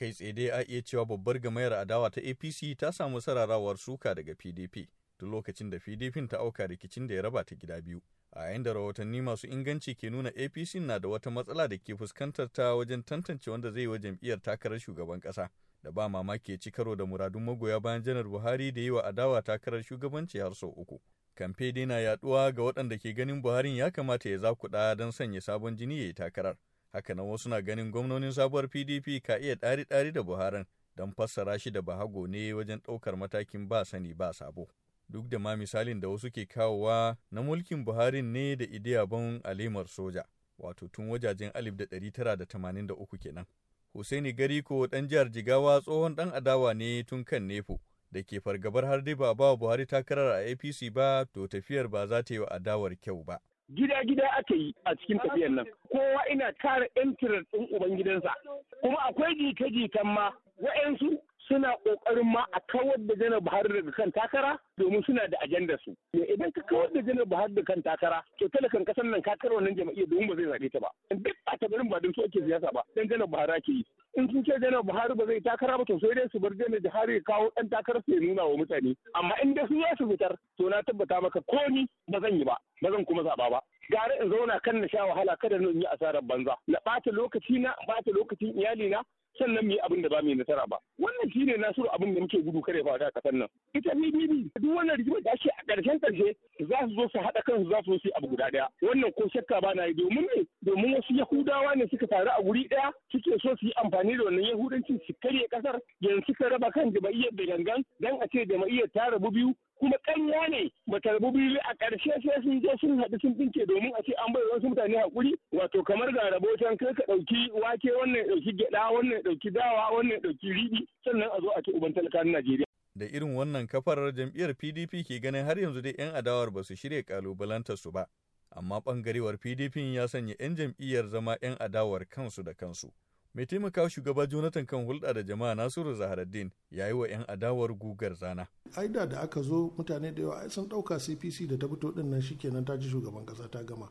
Kai tsaye dai a iya cewa babbar gamayar adawa ta APC ta samu sararawar suka daga PDP duk lokacin da PDP ta auka rikicin da ya raba ta gida biyu. A yayin da rahotanni masu inganci ke nuna APC na da wata matsala da ke fuskantar ta wajen tantance wanda zai yi wa jam'iyyar takarar shugaban ƙasa. da ba mamaki ci karo da muradun magoya bayan janar Buhari da yi wa adawa takarar shugabanci har sau uku. Kamfe dai na yaduwa ga waɗanda ke ganin Buharin ya kamata ya zakuɗa don sanya sabon jini ya yi takarar. Hakanan wasu na ganin gwamnonin sabuwar PDP ka iya ɗari-ɗari da Buharin don fassara shi da bahago ne wajen ɗaukar matakin ba sani ba sabo. Duk da ma misalin da wasu ke kawowa na mulkin Buharin ne da idiyabon alimar soja, wato tun wajajen alif da da ɗari tara tamanin 1983 kenan. Hussaini Gariko ɗan jihar Jigawa tsohon ɗan adawa ne tun kan Nefo da ke fargabar har dai ba Buhari takarar a APC ba to tafiyar ba za ta yi wa adawar kyau ba. gida-gida aka yi a cikin tafiyan nan kowa ina kare intanet ɗin ubangidansa kuma akwai jita-jitan ma wa'yansu suna ƙoƙarin ma a kawar da janar buhari daga kan takara domin suna da ajanda su me idan ka kawar da janar buhari daga kan takara to talakan kasan nan ka karwa nan jama'iyyar domin ba zai zaɓe ta ba duk a tabarin ba don su ake siyasa ba dan janar buhari ake yi in sun ce janar buhari ba zai takara ba to sai dai su bar janar buhari ya kawo ɗan takarar su ya nuna wa mutane amma in dai su su fitar to na tabbata maka ko ni ba zan yi ba ba zan kuma zaɓa ba gara in zauna kan na sha wahala kada na yi asarar banza na ɓata lokaci na ɓata lokacin iyali na sannan mu yi abin da ba mu nasara ba wannan shine nasiru abin da muke gudu kare fa a kasar nan ita bibi duk wannan rigima da ce a ƙarshen ƙarshe za su zo su haɗa kansu za su yi abu guda ɗaya wannan ko shakka ba na yi domin ne domin wasu yahudawa ne suka taru a guri ɗaya suke so su yi amfani da wannan yahudancin su karye ƙasar yanzu suka raba kan jama'iyyar da gangan dan a ce jama'iyyar ta rabu biyu kuma kanya ne ba biyu a ƙarshe sai sun je sun haɗu sun tsinke domin a ce an bai wasu mutane haƙuri wato kamar ga rabotan kai ka ɗauki wake wannan ɗauki gyaɗa wannan ɗauki dawa wannan ɗauki riɗi sannan a zo a ci uban talakan Najeriya. Da irin wannan kafarar jam'iyyar PDP ke ganin har yanzu dai 'yan adawar ba su shirya kalubalantar su ba, amma ɓangarewar PDP ya sanya 'yan jam'iyyar zama 'yan adawar kansu da kansu. Mai taimaka shugaba Jonathan kan hulɗa da jama'a Nasiru Zaharaddin ya yi wa 'yan adawar gugar rana. Aida da da aka zo mutane da yawa sun ɗauka CPC da ta fito ɗin nan shikenan ta ji shugaban ƙasa ta gama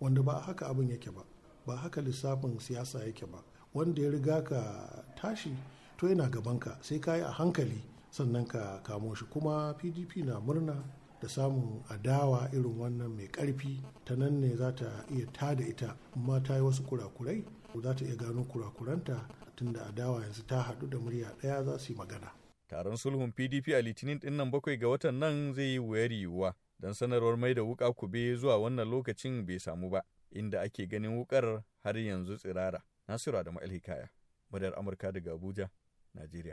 wanda ba haka abin yake ba ba haka lissafin siyasa yake ba wanda ya riga ka tashi to yana gaban ka sai ka yi a hankali sannan ka kamo shi kuma PDP na murna da samun adawa irin wannan mai ƙarfi ta nan ne za ta iya tada ita amma ta yi wasu kurakurai za ta iya gano kurakuranta tunda adawa yanzu ta haɗu da murya ɗaya za su yi magana. Taron sulhun PDP a Litinin ɗin nan bakwai ga watan nan zai yi wuyar yiwuwa don sanarwar mai da wuƙa kube zuwa wannan lokacin bai samu ba inda ake ganin wuƙar har yanzu tsirara. Nasiru Adamu Alhikaya, Madar Amurka daga Abuja, Najeriya.